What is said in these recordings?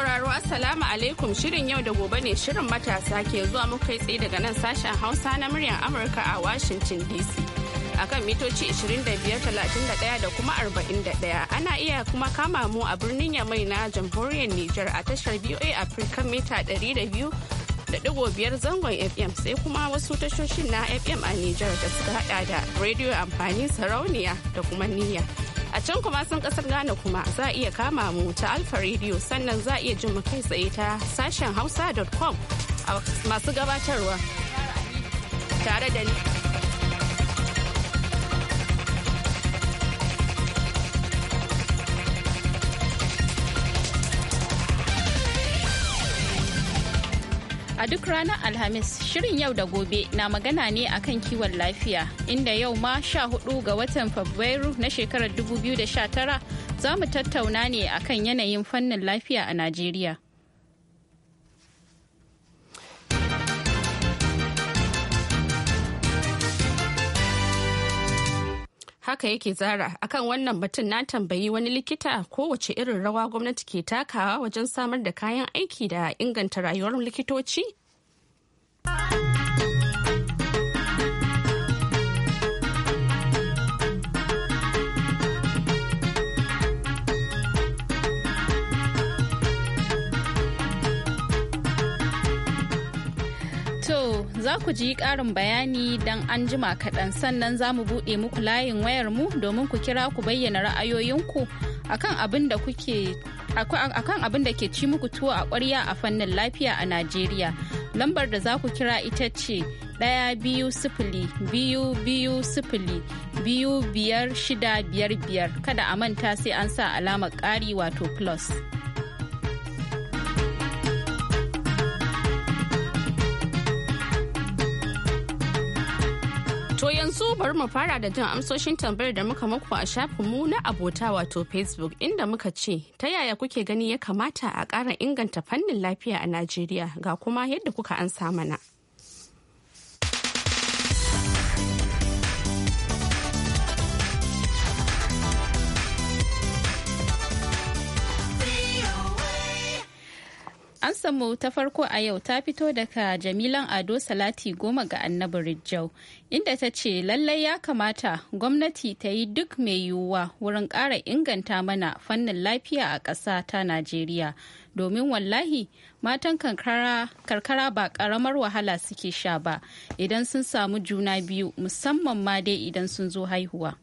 sauraro Assalamu alaikum shirin yau da gobe ne shirin matasa ke zuwa muka kai tsaye daga nan sashen Hausa na muryar Amurka a Washington DC. akan mitoci 2531 da kuma 41 ana iya kuma kama mu a birnin yamai na jamhuriyar Nijar a tashar BOA afirka mita 200 da biyar zangon fm sai kuma wasu tashoshin na fm a Nijar da suka hada da rediyo amfani sarauniya da kuma niyya can kuma sun kasar Ghana kuma za a iya kama mu ta Alfa Radio sannan za a iya jin mu kai tsaye ta sashen hausa.com masu gabatarwa tare da ni. A duk ranar Alhamis shirin yau da gobe na magana ne akan kiwon lafiya inda yau ma sha hudu ga watan Fabrairu na shekarar 2019 za mu tattauna ne akan yanayin fannin lafiya a Najeriya. haka yake zara akan wannan batun na tambayi wani likita kowace irin rawa gwamnati ke takawa wajen samar da kayan aiki da inganta rayuwar likitoci. za ku ji ƙarin bayani don an jima kaɗan sannan za mu buɗe muku layin wayar mu domin ku kira ku bayyana ra'ayoyinku akan abin da abin da ke ci muku tuwo a ƙwarya a fannin lafiya a Najeriya. Lambar da za ku kira ita ce ɗaya biyu sifili biyu biyu sifili biyu biyar shida biyar biyar kada a manta sai an sa alamar ƙari wato plus. bari mu fara da jin amsoshin tambayar da muka muku a shafin mu na abota wato Facebook inda muka ce ta yaya kuke gani ya kamata a ƙara inganta fannin lafiya a Najeriya ga kuma yadda kuka ansa mana. An samu ta farko a yau ta fito daga Jamilan Ado Salati goma ga Annabi Rijau, inda ta ce lallai ya kamata gwamnati ta yi duk mai yiwuwa wurin ƙara inganta mana fannin lafiya a ƙasa ta Najeriya. Domin wallahi matan karkara ba ƙaramar wahala suke sha ba idan sun samu juna biyu musamman ma dai idan sun zo haihuwa.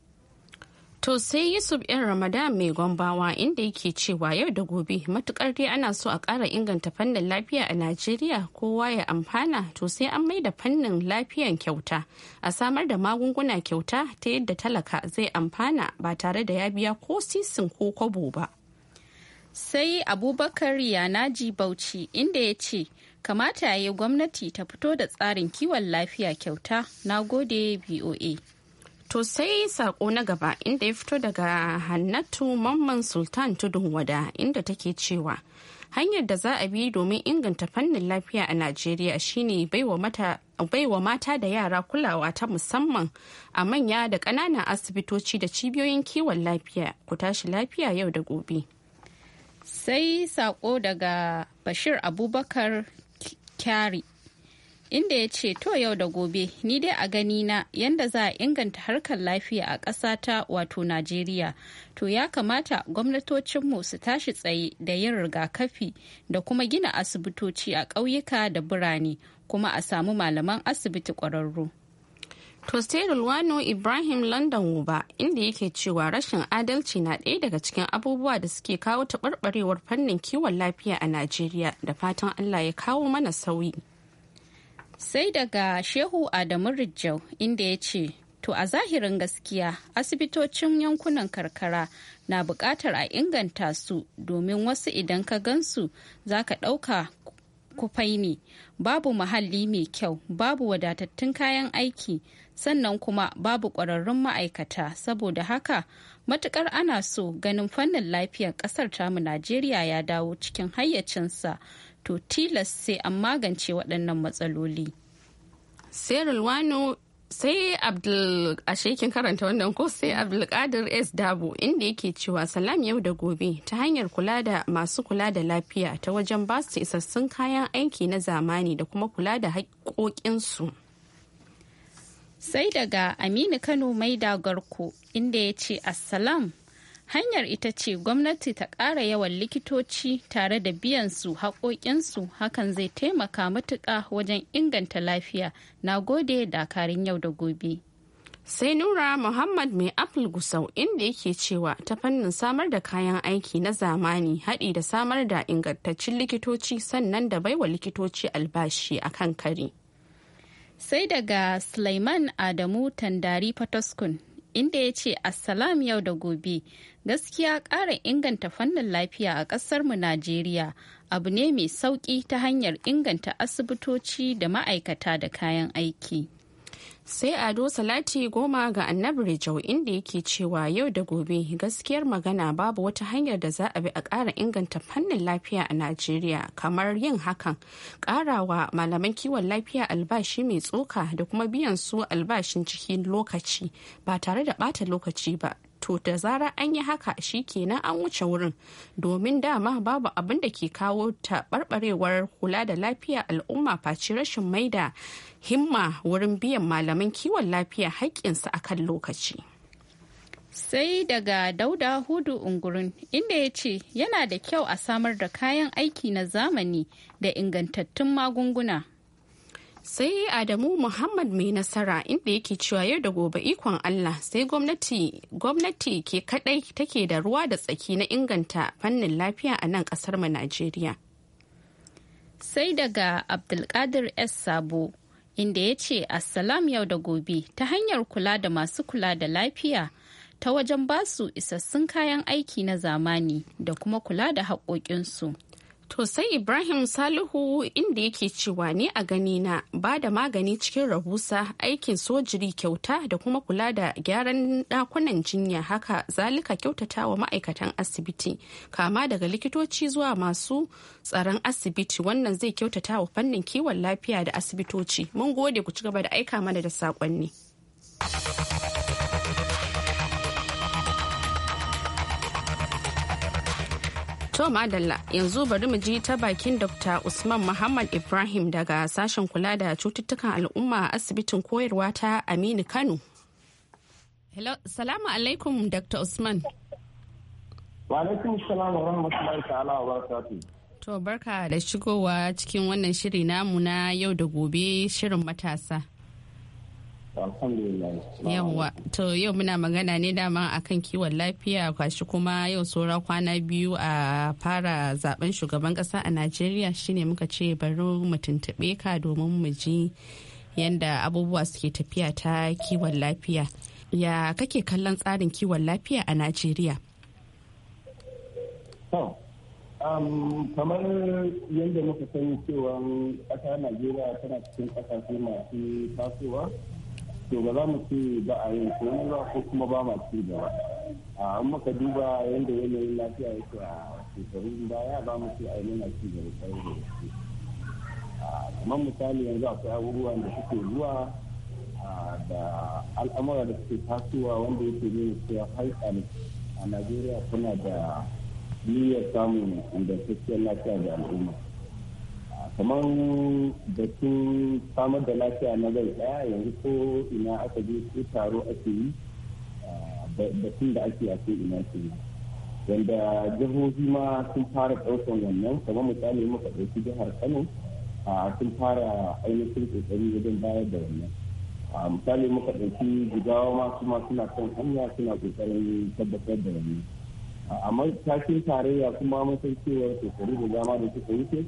To sai Yusuf ‘yan Ramadan mai gombawa inda yake cewa yau da gobe matukar dai ana so a ƙara inganta fannin lafiya a Najeriya kowa ya amfana to sai an mai da fannin lafiyan kyauta a samar da magunguna kyauta ta yadda talaka zai amfana ba tare da ya biya ko sisin ko kwabo ba. Sai Abubakar Yanaji Bauchi inda ya ce kamata ya yi gwamnati ta fito da tsarin kiwon lafiya kyauta na gode BOA. To sai sako na gaba inda ya fito daga Hannatu Mamman Sultan Tudun Wada inda take cewa hanyar da za a bi domin inganta fannin lafiya a Najeriya shine baiwa mata mata da yara kulawa ta musamman a manya da ƙananan asibitoci da cibiyoyin kiwon lafiya ku tashi lafiya yau da gobe. Sai sako daga Bashir Abubakar Kyari inda ya ce to yau da gobe ni dai a gani na yanda za a inganta harkar lafiya a ƙasa ta wato najeriya to ya kamata gwamnatocinmu su tashi tsaye da yin rigakafi da kuma gina asibitoci a ƙauyuka da birane kuma a samu malaman asibiti ƙwararru To Wano Ibrahim London ba inda yake cewa rashin adalci na ɗaya daga cikin abubuwa da suke kawo taɓarɓarewar fannin kiwon lafiya a Najeriya da fatan Allah ya kawo mana sauyi. sai daga shehu adamu rijau inda ya ce to a zahirin gaskiya asibitocin yankunan karkara na buƙatar a inganta su domin wasu idan ka gansu za ka ɗauka kufai ne babu muhalli mai kyau babu wadatattun kayan aiki sannan kuma babu ƙwararrun ma'aikata saboda haka matukar ana so ganin fannin lafiyar ƙasar tamu najeriya ya dawo cikin hayyacinsa to tilas sai an magance waɗannan matsaloli. Cyril Wano sai Abdul ashe karanta wannan ko sai Abdulkadir S Dabo inda yake cewa salam yau da gobe ta hanyar kula da masu kula da lafiya ta wajen ba su isassun kayan aiki na zamani da kuma kula da haƙoƙinsu. Sai daga Aminu Kano mai dagarku inda ya ce Assalam hanyar ita ce gwamnati ta ƙara yawan likitoci tare da biyan su haƙoƙinsu hakan zai taimaka matuƙa wajen inganta lafiya na gode dakarun yau da gobe sai nura muhammad mai apple gusau inda yake cewa ta fannin samar da kayan aiki na zamani haɗi da samar da ingantaccen likitoci sannan da baiwa likitoci albashi a kan kare sai daga Sulaiman Adamu Tandari Fataskun inda ya ce assalam yau da gobe gaskiya ƙara inganta fannin lafiya a ƙasarmu najeriya abu ne mai sauƙi ta hanyar inganta asibitoci da ma'aikata da kayan aiki sai ado salati goma ga annabi rijau inda yake cewa yau da gobe gaskiyar magana babu wata hanyar da za a bi a ƙara inganta fannin lafiya a najeriya kamar yin hakan ƙarawa malaman kiwon lafiya albashi mai tsoka da kuma biyan su albashin cikin lokaci ba tare da ɓata lokaci ba to da zarar an yi haka shi kenan an wuce wurin domin dama babu abin da ke kawo taɓarɓarewar kula da lafiya al'umma face rashin mai da himma wurin biyan malaman kiwon lafiya haƙƙinsu a kan lokaci sai daga dauda hudu ungurin inda ya ce yana da kyau a samar da kayan aiki na zamani da ingantattun magunguna sai adamu muhammad mai nasara inda yake cewa yau da gobe ikon allah sai gwamnati gwamnati ke kadai take da ruwa da tsaki na inganta fannin lafiya a nan kasar mu najeriya sai daga abdulkadir s sabo inda ya ce assalam yau da gobe ta hanyar kula da masu kula da lafiya ta wajen basu isassun kayan aiki na zamani da kuma kula da haƙoƙinsu. To sai Ibrahim Salihu inda yake cewa ne a gani na ba da magani cikin rahusa aikin sojiri kyauta da kuma kula da gyaran dakunan jinya haka zalika kyautata wa ma'aikatan asibiti kama daga likitoci zuwa masu tsaron asibiti wannan zai kyautata wa fannin kiwon lafiya da asibitoci. Mun gode ku ci gaba da aika mana da saƙonni. To Madalla yanzu bari mu ji ta bakin Dr. Usman Muhammad Ibrahim daga sashen kula da cututtukan al'umma a asibitin koyarwa ta Aminu Kano. Hello, salamu alaikum Dr. Usman. Wa alaikum salam wa rahmatullahi ta'ala wa barakatuh. To barka da shigowa cikin wannan shiri namu na yau da gobe shirin matasa. Yawwa, to yau muna magana ne dama akan kiwon lafiya kwashi kuma yau saura kwana biyu a fara zaben shugaban kasa a Najeriya shine muka ce bari mu tuntuɓe ka domin mu ji yadda abubuwa suke tafiya ta kiwon lafiya. Ya kake kallon tsarin kiwon lafiya a Najeriya? Um, kamar yadda muka sani cewa ƙasa najeriya tana cikin ƙasashe masu tasowa to ba za mu ce ba a yin komai ba ko kuma ba ma ci gaba a an muka duba yadda yanayin lafiya yake a shekaru baya ba mu ce a yi yana ci gaba tare da gaske kamar misali yanzu akwai abubuwan da suke zuwa da al'amura da suke tasowa wanda yake nuna cewa haikali a najeriya suna da niyyar samun ingantacciyar lafiya da al'umma kamar batun samar da lafiya na zai daya yanzu ko ina aka je ko taro ake yi batun da ake ake ina ke yi wanda jihohi ma sun fara ɗaukan wannan kamar misali muka ɗauki jihar kano sun fara ainihin ƙoƙari wajen bayar da wannan a misali muka ɗauki gudawa ma kuma suna kan hanya suna ƙoƙarin tabbatar da wannan amma tashin tarayya kuma mun san cewar ƙoƙari da dama da suka ke.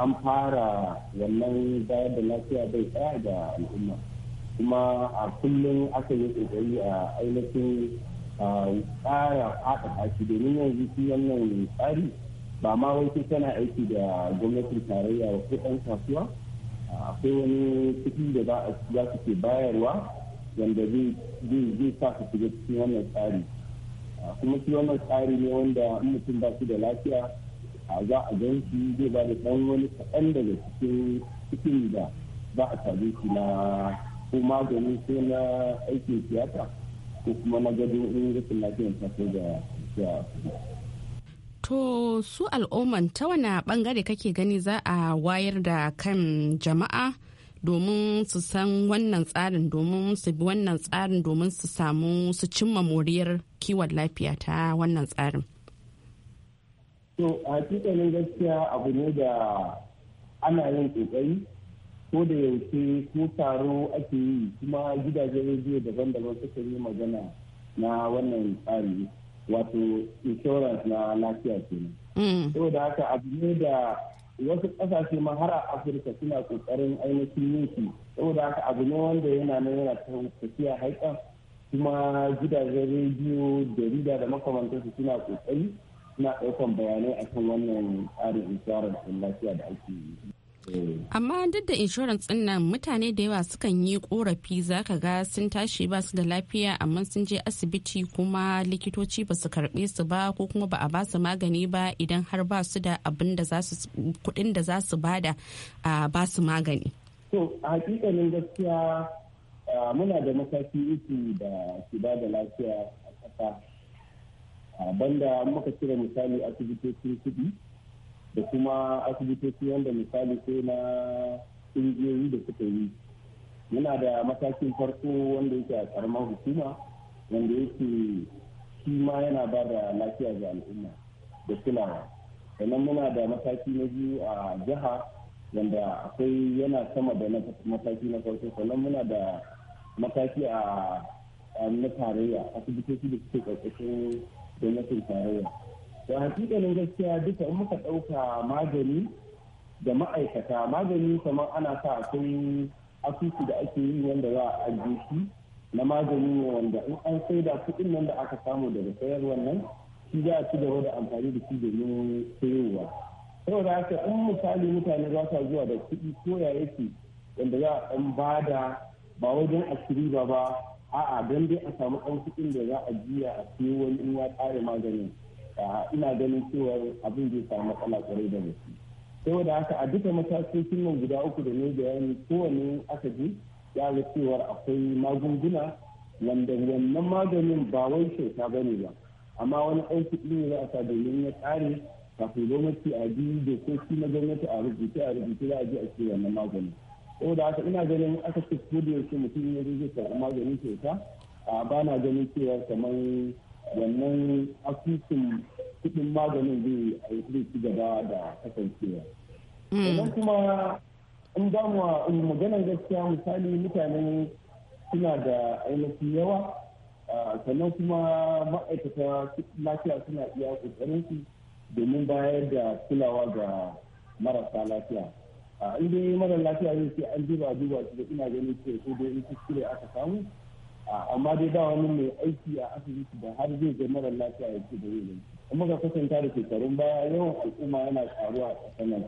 an fara wannan bayar da lafiya bai tsaya da al'umma kuma a kullum aka yi kokari a ainihin tsara haɗa haki domin yanzu shi wannan tsari ba ma wai tana aiki da gwamnatin tarayya ko ɗan kasuwa akwai wani kuɗi da za su ke bayarwa wanda zai sa su shiga cikin wannan tsari kuma shi wannan tsari ne wanda in mutum ba su da lafiya a za a gan shi zai ba da ɗan wani kaɗan daga cikin cikin da za a same shi na ko maganin ko na aikin tiyata ko kuma na gado in rikin lafiyar tafiya ko da To su al'umman ta wani bangare kake gani za a wayar da kan jama'a domin su san wannan tsarin domin su bi wannan tsarin domin su samu su cimma moriyar kiwon lafiya ta wannan tsarin. to a hakikalin gaskiya abu ne da ana yin kokari ko da yaushe ko taro ake yi kuma gidajen rediyo daban-daban suka yi magana na wannan tsari wato insurance na lafiya kenan. Mm. saboda haka abu ne da wasu kasashe ma har a afirka suna kokarin ainihin yin saboda haka abu ne wanda yana nan yana tafiya haikan kuma gidajen rediyo jarida da makamantarsu suna kokari na ɗaukan bayanai akan wannan tsarin inshorar ɗin lafiya da ake yi. Eh. Amma duk da insurance ɗin nan mutane da yawa sukan yi ƙorafi za ka ga sun tashi ba su da lafiya amma sun je asibiti kuma likitoci ba su karɓe su ba ko kuma ba a ba su magani ba idan har ba su da abin da kuɗin da za su bada a ba su magani. To a hakikanin gaskiya muna da mataki uku da ba da lafiya a ƙasa banda muka cire misali asibitocin kuɗi da kuma asibitoci wanda misali sai na ƙungiyoyi da suka yi muna da matakin farko wanda yake a karamar hukuma wanda yake shi ma yana ba da lafiya ga al'umma da kulawa sannan muna da mataki na biyu a jiha wanda akwai yana sama da mataki na farko sannan muna da mataki a na tarayya asibitoci da suke ƙarƙashin gwamnatin tarayya to hakikanin gaskiya duka in muka ɗauka magani da ma'aikata magani kamar ana sa akwai asusu da ake yi wanda za a ajiye shi na magani ne wanda in an sai da kuɗin nan da aka samu daga sayarwa nan shi za a ci gaba da amfani da shi domin sayowa saboda haka in misali mutane za su zuwa da kuɗi ko ya yake wanda za a ɗan ba da ba wajen asiri ba ba a'a don dai a samu an kuɗin da za a jiya a siyo wani in ya ƙare maganin ina ganin cewa abin zai samu matsala kwarai da gaske saboda haka a duka matakin nan guda uku da ne bayani kowane aka ji ya ga cewa akwai magunguna wanda wannan maganin ba wai kyauta ba ne ba amma wani ɗan kuɗi ne za a sa domin ya tsare kafin gwamnati a bi dokoki na gwamnati a rubuce a rubuce za a je a ce wannan maganin da haka ina ganin aka ce ko mutum ya zai samu maganin kyauta a ba na ganin cewa kamar wannan asusun kudin maganin zai aiki ci gaba da kasancewa. Idan hmm. kuma in damuwa in um, magana gaskiya misali mutane suna da ainihin yawa sannan kuma ma'aikata lafiya suna iya ƙoƙarinsu domin bayar da kulawa ga marasa lafiya. in dai mara lafiya zai ce an duba duba su da ina ganin ce ko dai in kuskure aka samu amma dai ba wani mai aiki a asibiti da har zai ga mara lafiya ya ce da ne kuma ga kusanta da shekarun baya yawan al'umma yana karuwa a ƙasar nan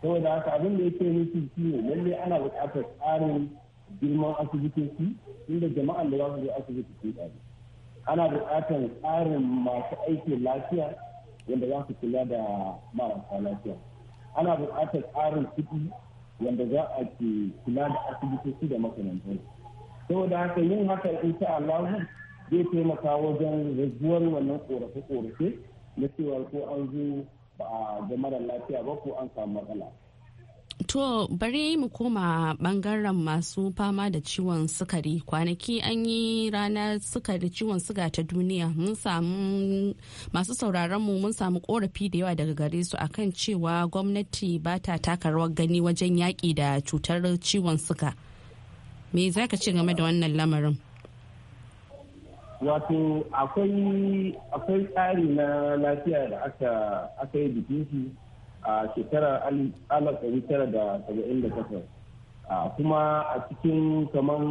saboda haka abin da yake nufi shi ne lalle ana buƙatar tsarin girman asibitoci inda jama'an da za su zo asibiti sun yi ana buƙatar tsarin masu aikin lafiya yadda za su kula da marasa lafiya ana buƙatar tsarin kuɗi wanda za a ke kula da asibitoci da makamantan saboda haka yin haka insha Allah zai taimaka wajen raguwar wannan korafe-korafe na cewa ko an zo ba a ga mara lafiya ba ko an samu matsala To bari mu koma bangaren masu fama da ciwon sukari kwanaki an yi ranar sukari ciwon suga ta duniya mun samu masu sauraron mu mun samu korafi da yawa daga gare su akan cewa gwamnati ba ta taka rawar gani wajen yaƙi da cutar ciwon suga. Me za ka ce game da wannan lamarin? Wato akwai tsari na lafiya da aka yi bikin a shekarar alif tara da saba'in da kasar kuma a cikin kamar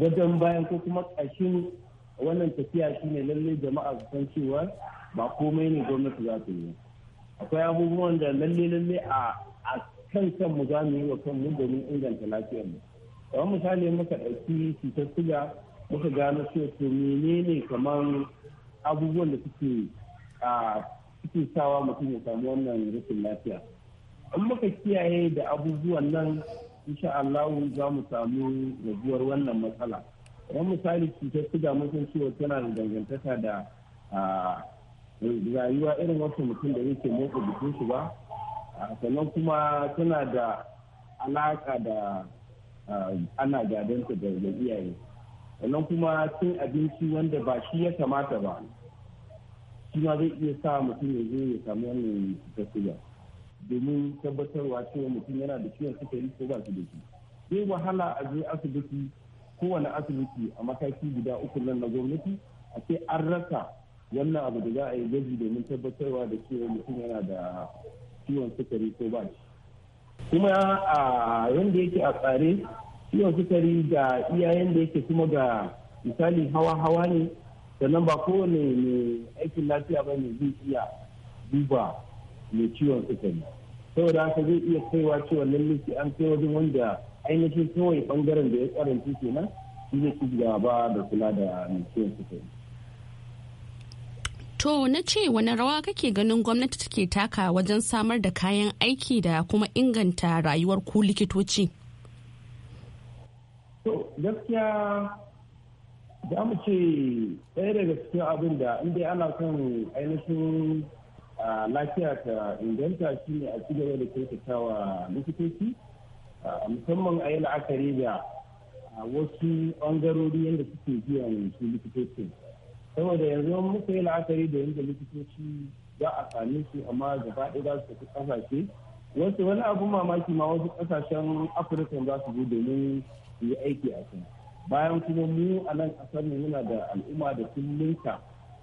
gadon bayan ko kuma ƙashin wannan tafiya shine lalle jama'a su san cewa ba komai ne gwamnati za ta yi akwai abubuwan da lalle lalle a kan mu za mu yi wa kan mu domin inganta lafiyar mu kamar misali muka ɗauki cutar suga muka gano cewa to menene kaman abubuwan da suke suke sawa mutum ya samu wannan rashin lafiya an muka kiyaye da abubuwan nan insha Allah za mu samu raguwar wannan matsala kamar misali cutar suga mutum ciwo tana da dangantaka da rayuwa irin wasu mutum da yake motsa jikin shi ba sannan kuma tana da alaka da ana gadanta da iyaye sannan kuma cin abinci wanda ba shi ya kamata ba shi zai iya sa mutum ya zo ya samu wannan cutar domin tabbatarwa cewa mutum yana da ciwon sukari ko ba su da shi zai wahala a je asibiti kowane asibiti a mataki guda uku nan na gwamnati a ce an rasa wannan abu da za a yi gwaji domin tabbatarwa da cewa mutum yana da ciwon sukari ko ba shi kuma a yanda yake a tsare ciwon sukari ga iyayen da yake kuma ga misali hawa-hawa ne sannan ba kowane mai aikin lafiya ba ne zai iya duba mai ciwon sukari saboda haka zai iya kaiwa cewa lallai an kai wajen wanda ainihin kawai bangaren da ya karanci kenan shi zai ci gaba da kula da mai ciwon sukari To na ce wani rawa kake ganin gwamnati take taka wajen samar da kayan aiki da kuma inganta rayuwar ku likitoci? To gaskiya za mu ce ɗaya daga cikin abin da inda ana son ainihin lafiya ta inganta shi ne a cigaba da kyautatawa likitoci musamman a yi la'akari da wasu ɓangarori yadda suke biyan su likitoci saboda yanzu muka yi la'akari da yadda likitoci za a same su amma gaba ɗaya za su tafi ƙasashe wasu wani abun mamaki ma wasu ƙasashen afirka za su zo domin su yi aiki a kan bayan kuma mu a nan ƙasar muna da al'umma da sun linka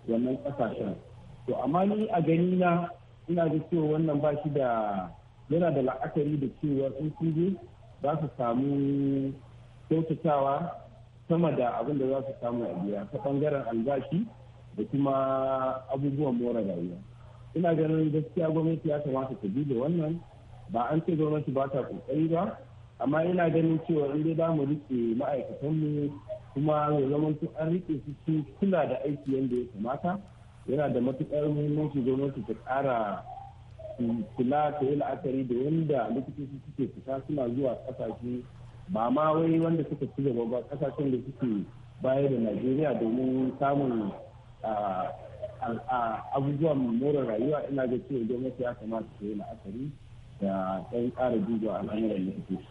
wannan ƙasashen to amma ni a gani na ina da cewa wannan ba shi da yana da la'akari da cewa sun kuje za su samu kyautatawa sama da abin da za su samu a biya ta bangaren albashi da kuma abubuwan more rayuwa ina ganin gaskiya gwamnati ya kamata ta bi da wannan ba an ce gwamnati ba ta kokari ba amma ina ganin cewa in dai za mu rike ma'aikatanmu kuma ya zama an rike su su kula da aiki yadda ya kamata yana da matuƙar muhimmanci gwamnati ta ƙara kula ta yi la'akari da wanda likitoci suke fita suna zuwa ƙasashe ba ma wai wanda suka ci gaba ba ƙasashen da suke bayar da najeriya domin samun abubuwan more rayuwa ina ga cewa gwamnati ya kamata ta yi la'akari da ɗan ƙara duba al'amuran likitoci.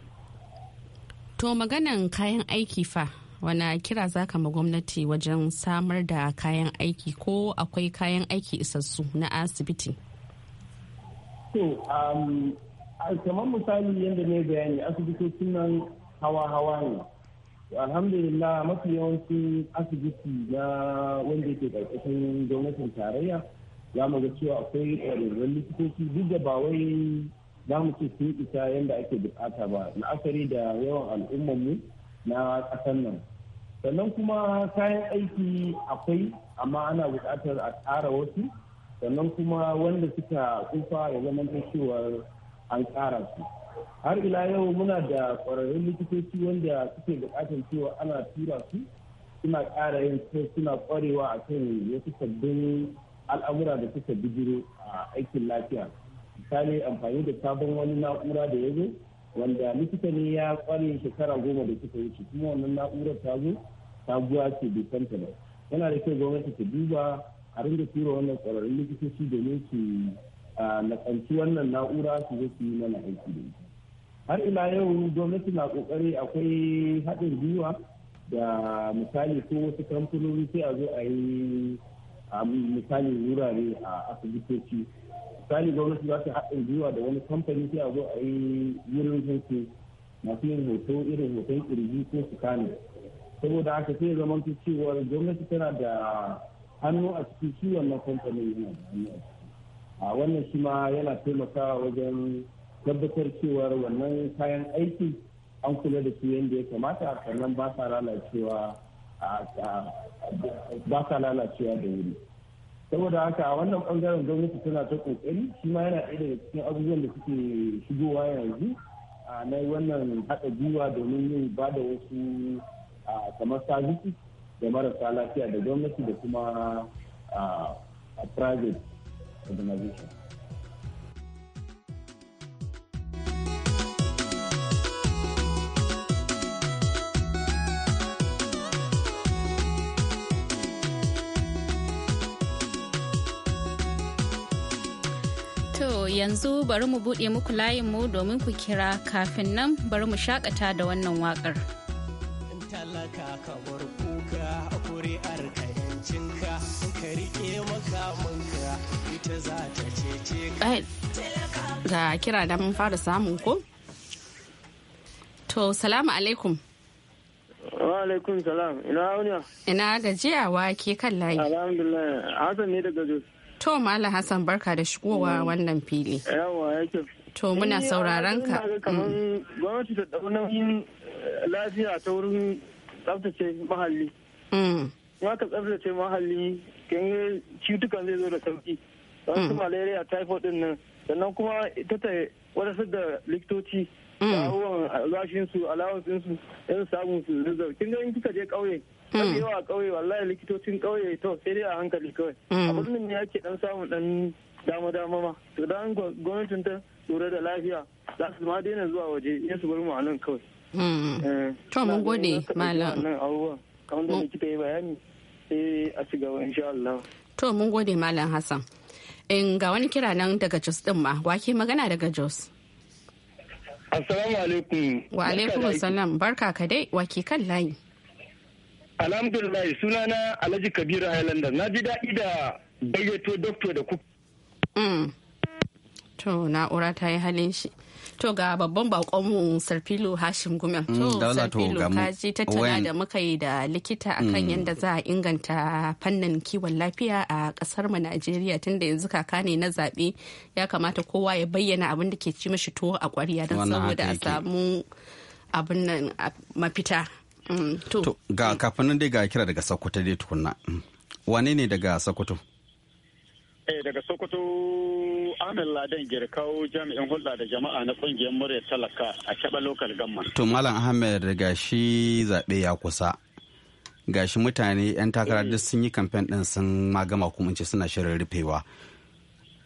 To maganan kayan aiki fa wana kira za ka ma gwamnati wajen samar da kayan aiki ko akwai kayan aiki isassu na asibiti? Um, kamar misali yadda ne bayani asibitocin nan hawa-hawa ne. Alhamdulillah mafi yawanci asibiti na wanda ke ƙarƙashin gwamnatin tarayya ya mu ga cewa akwai ƙwararrun likitoci duk da ba wai za mu ce sun isa yadda ake bukata ba la'akari da yawan al'ummanmu na ƙasar nan sannan kuma kayan aiki akwai amma ana buƙatar a ƙara wasu sannan kuma wanda suka tsufa ya zama cewa an ƙara su har ila yau muna da ƙwararrun likitoci wanda suke buƙatar cewa ana tura su suna ƙara yin suna ƙwarewa a kan wasu sabbin al'amura da suka bijiro a aikin lafiya misali amfani da sabon wani na'ura da ya zo wanda likita ne ya kware shekara goma da suka wuce kuma wannan na'urar ta zo sabuwa ce bai kanta ba yana da kyau gwamnati ta duba a ringa tura wannan kwararrun likitoci domin su lakanci wannan na'ura su zo su yi mana aiki da ita har ila yau gwamnati na kokari akwai haɗin gwiwa da misali ko wasu kamfanoni sai a zo a yi misali wurare a asibitoci misali gwamnati za ta haɗin gwiwa da wani kamfani sai a zo a yi wurin hoto masu yin hoto irin hoton kirji ko su kane saboda haka sai zama cewar gwamnati tana da hannu a cikin shi wannan kamfanin yana da hannu a wannan shi ma yana taimakawa wajen tabbatar cewa wannan kayan aiki an kula da su yadda ya kamata sannan ba sa lalacewa da wuri. saboda haka a wannan bangaren gwamnati tana ta kokari shi ma yana ɗaya daga cikin abubuwan da suke shigowa yanzu a na wannan haɗa gwiwa domin yin ba da wasu a kamar sabisi da marasa lafiya da gwamnati da kuma a private organization yanzu bari mu buɗe muku layinmu domin ku kira kafin nan bari mu shakata da wannan waƙar. talaka ka bar kuka kuri'ar ka yancinka ka rike makamanka ita za ta cece ka ga kira da mun fara samun ko to salamu alaikum wa alaikum salam ina wuniya ina gajiyawa ke kan layi alhamdulillah hasan ne daga jos To Malam Hassan barka da shigowa mm. wannan fili. Yawa yake. To muna sauraron ka. Mm. Gwamnati ta ɗau nauyin eh, lafiya ta wurin tsaftace mahalli. Kuma mm. ka tsaftace mahalli kan cutukan zai zo da sauki. Wasu malaria typhoid ɗin nan sannan kuma ita ta wadatar da likitoci. Da abubuwan alashinsu alawansinsu samun su zazzau. Kin ga in kika je ƙauye mafi mm. yawa a ƙauye wallahi likitocin ƙauye to sai dai a hankali kawai mm. a birnin ne ake dan samun dan dama dama ma to dan gwamnatin ta lura da lafiya za su ma daina zuwa waje ya su bar mu a nan kawai. Mm. Eh, to mun gode malam. kamar da likita ya bayani sai a ci gaba insha Allah. to mun gode malam Hassan. in ga wani kira nan daga Jos din ma wake magana daga Jos. Assalamu alaikum. Wa alaikum salam barka ka dai wake kan layi. Alhamdulillah sunana Alhaji Kabiru Highlander. Na ji daɗi da gayyato doctor da ku. Mm. To na'ura ta yi halin shi. To ga babban bakonmu Sarfilo Hashim Gumel. Mm, to Sarfilo kaji tattala da muka yi da likita akan mm. yadda za a inganta fannin kiwon lafiya a kasar mu Najeriya tunda yanzu kaka ne na zaɓe ya kamata kowa ya bayyana abin da ke ci mashi tuwo a ƙwariya don saboda a samu abin nan mafita. Mm, to, ga kafin nan dai ga kira daga Sokoto dai tukunna. Mm. Wane ne daga Sokoto? Eh daga Sokoto Amin Ladan Girkau jami'in hulɗa da jama'a na ƙungiyar murya talaka a Keba lokal gamma. To Malam Ahmed ga shi zaɓe ya kusa. Ga shi mutane 'yan takara duk sun yi kamfen ɗin sun ma gama kuma ce suna shirin rufewa.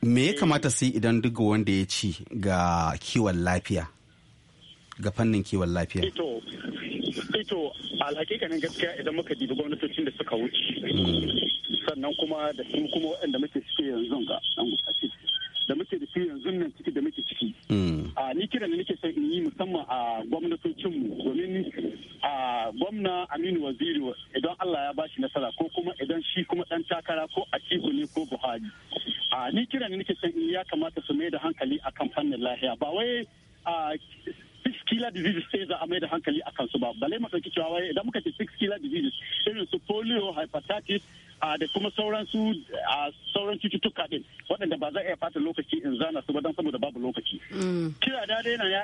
Me ya kamata su yi idan duk wanda ya ci ga kiwon lafiya? Ga fannin kiwon lafiya? ito eh, nan gaskiya idan muka dibi gwamnatocin da suka wuce sannan kuma da su kuma waɗanda muke ciki yanzu ga da muke da su yanzu nan ciki da muke ciki hmm. a ni kiran da nake son in yi musamman a mu domin a gwamna aminu waziri idan allah ya bashi nasara ko kuma idan shi kuma dan takara ko a ne ko buhari a ni kiran da nake son in ya kamata su mai da hankali akan fannin lahiya ba wai kila diseases sai za a mai da hankali a kansu ba balai maka ɗauki cewa idan muka ce six killer diseases irin su polio hepatitis a ah, da kuma sauran su a ah, sauran cututtuka din waɗanda ba za a iya fata lokaci in zana su ba don saboda babu lokaci mm. kira da dai na ya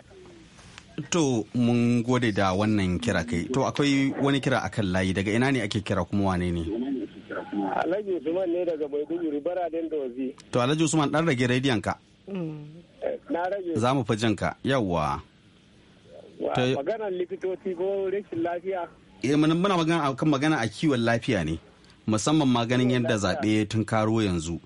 To mun gode da wannan kira kai. To akwai wani kira akan layi daga ina ne ake kira kuma wane ne? Alhaji Usman ne daga Maiduguri da Dozi. To Alhaji Usman dan rage rediyon ka. Mm. Na rage. Za mu fa jinka. Yawwa. maganar likitoci ko rashin lafiya eh, muna magana akan magana a kiwon lafiya ne musamman maganin yadda zaɓe tun karo yanzu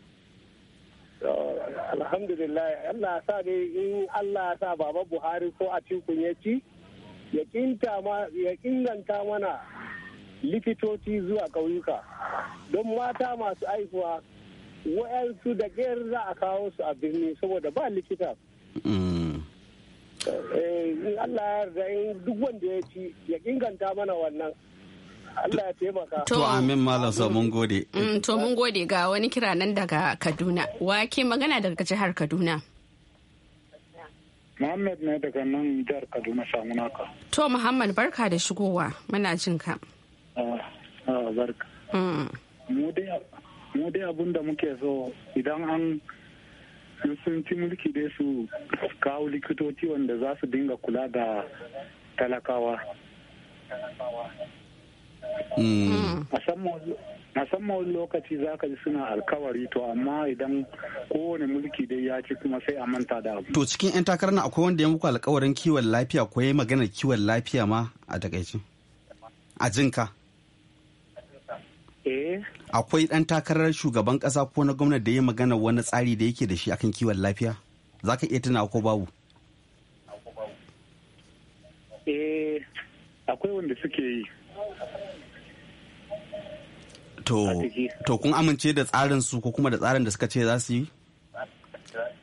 alhamdulillah allah sa ne in allah sa baba buhari ko a cikin ya ci ya inganta mana likitoci zuwa ƙauyuka don mata masu aihuwa wa'yansu da ƙerar za a kawo su a birni saboda ba likita mm. Eh, in Allah ya duk wanda ya ci ya inganta mana wannan Allah ya taimaka. To amin malam sa mun gode. Mm, to mun gode ga wani kira nan daga Kaduna. Wa ke magana daga jihar Kaduna? Muhammad ne daga nan jihar Kaduna samuna ka. To Muhammad barka da shigowa muna jin ka. Ah, ah, barka. Mm. Mu dai abun da muke so idan an in sun ci mulki dai su kawo likitoci wanda za su dinga kula da talakawa musamman wani lokaci za ka ji suna alkawari to amma idan kowane mulki dai ya ci kuma sai a manta da abu. To cikin 'yan takarar na akwai wanda ya muku alkawarin kiwon lafiya ko ya yi maganar kiwon lafiya ma a takaici? A jinka? Eh. Akwai ɗan takarar shugaban ƙasa ko na gwamnati da ya magana wani tsari da yake da shi akan kiwon lafiya? Za ka iya tuna ko babu? Eh, akwai wanda suke yi. To, to kun amince da tsarin su ko kuma da tsarin da suka ce za su yi?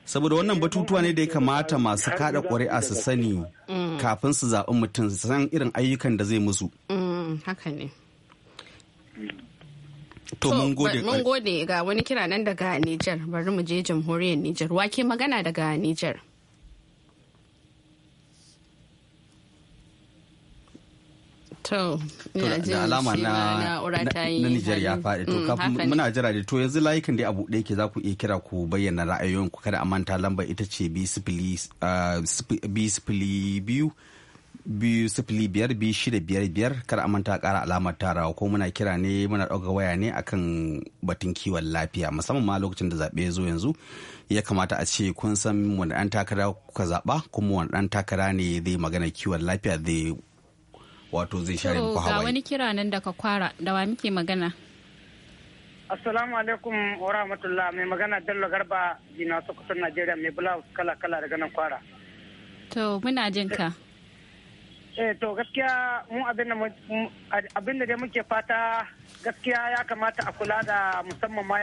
Saboda wannan batutuwa ne da ya kamata masu kada ƙuri'a su sani mm. kafin su zaɓi mutum su san irin ayyukan da zai musu. Mm, haka ne. Mm. To mun gode. Mun gode ga wani kira nan daga Nijar bari mu je jamhuriyar Nijar wake magana daga Nijar. To, da alama na Nijar ya faɗi. To, mm, kafin muna jira da to yanzu layukan dai abu ɗaya ke za ku iya kira ku bayyana ra'ayoyinku kada a manta lambar ita ce bi uh, sifili biyu biyu sifili biyar biyu shida biyar biyar kar a manta kara alamar tarawa ko muna kira ne muna ɗauka waya ne akan batun kiwon lafiya musamman ma lokacin da zaɓe zo yanzu ya kamata a ce kun san wani ɗan takara kuka zaɓa kuma wani ɗan takara ne zai magana kiwon lafiya zai wato zai share muku hawaye. ga wani kira nan daga kwara da wa muke magana. assalamu alaikum wa rahmatullah mai magana dallo garba jina sokoto najeriya mai blouse kala kala daga nan kwara. to muna jin ka. eh to gaskiya mu abin da da muke fata gaskiya ya kamata a kula da musamman ma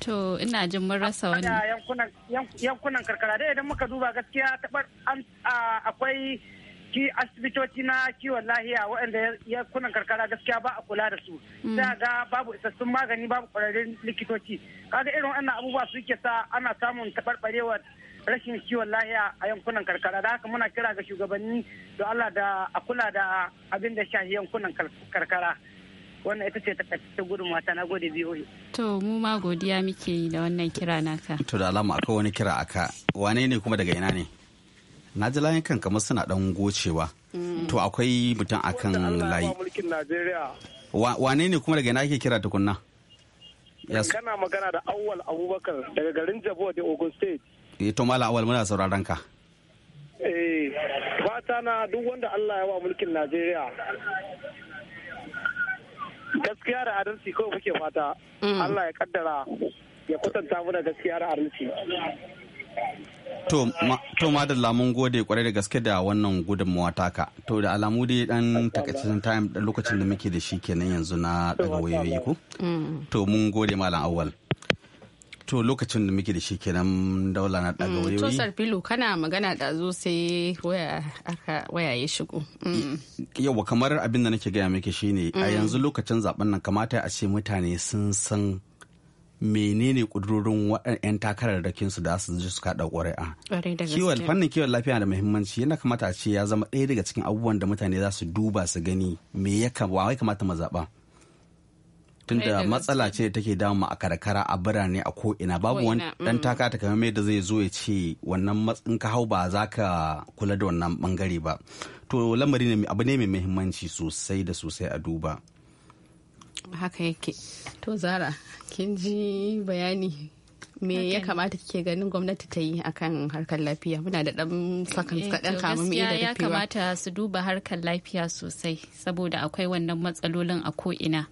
to ina jin mun rasa wani yankunan karkara da idan muka duba gaskiya tabar akwai ki asibitoci na kiwon lahiya waɗanda yankunan karkara gaskiya ba a kula da su sai hmm. ga babu isassun magani babu kwararrun likitoci kaga irin wannan abubuwa suke sa ana samun tabarbarewar rashin kiwon lahiya a yankunan karkara da haka muna kira ga shugabanni da Allah da a kula da abin da shafi yankunan karkara wannan ita ce ta gudun mata na gode biyoyi. To mu ma godiya muke yi da wannan kira naka. To da alama akwai wani kira aka wane ne kuma daga ina ne? Na ji layin kan kamar suna dan gocewa. Mm. To akwai mutum akan layi. Wane ne kuma daga ina ake kira tukunna? Kana magana da Awwal Abubakar daga garin Jabo da Ogun State. Eh, to malam awal muna sauraron ka eh fata na duk wanda Allah ya wa mulkin Najeriya gaskiya da adalci kawai muke fata mm. Allah ya kaddara ya kusanta mu da gaskiya da adalci To, ma da lamun gode kwarai da gaske da wannan gudunmawa taka. To, da alamu dai dan takaitaccen time da lokacin da muke da shi kenan yanzu na daga wayoyi ko? Mm. To, mun gode malam awwal. to lokacin da muke da shi kenan daula na daga mm, wayoyi tosar filo kana magana da zo sai waya ya shigo mm. yawa kamar abin da nake gaya miki shine a mm. yanzu lokacin zaben nan kamata a ce mutane sun san menene kudurorin waɗannan takararrakin su da su ji su kaɗa ƙuri'a. Kiwon fannin kiwon lafiya da muhimmanci yana kamata a ce ya zama ɗaya daga cikin abubuwan da mutane za su duba su gani me ya kamata zaɓa. tunda matsala ce take damu a karkara a birane a ko ina babu wani dan mm. taka ta kamar da zai zo ya ce wannan matsin ka hau ba za ka kula da wannan bangare ba to lamari ne abu ne mai muhimmanci sosai da sosai a duba haka yake to zara kin ji bayani me ya kamata kike ganin gwamnati ta yi akan harkar lafiya muna da dan sakan eh, kadan kamun mu da ya kamata su duba harkar lafiya sosai saboda akwai wannan matsalolin a ko ina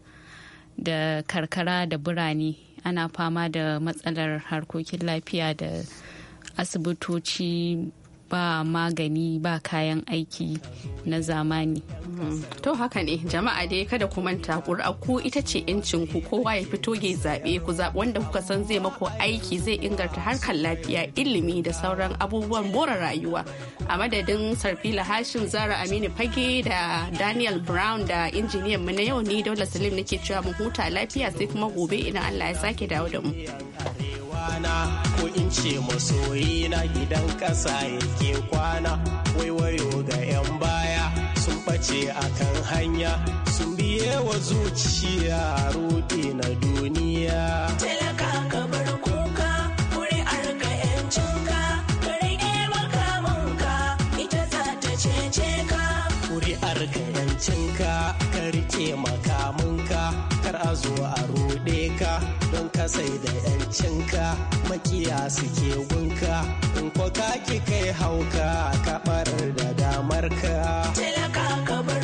da karkara da birane ana fama da matsalar harkokin lafiya da asibitoci ba magani ba kayan aiki na zamani. Hmm. To haka ne jama'a dai kada ku manta ku ita ce incin ku kowa ya fito ya zaɓe ku zaɓi wanda kuka san zai mako aiki zai inganta harkar lafiya ilimi da sauran abubuwan more rayuwa. A madadin Sarfila Hashim Zara Aminu Fage da Daniel Brown da injiniyan mu na yau ni dole Salim nake cewa mu huta lafiya sai kuma gobe idan Allah ya sake dawo da mu. rana ko in ce masoyi na gidan ƙasa yake kwana waiwayo ga 'yan baya sun ɓace a kan hanya sun biye wa zuciya ruɗe na duniya talaka bar kuka kuri'ar ka 'yancinka kare ita za ta cece ka kuri'ar ka ka rike makamanka kar a zo a ruɗe ka kasai sai da yancinka makiya suke gunka in kwa kaki kai hauka ka barar da damarka ka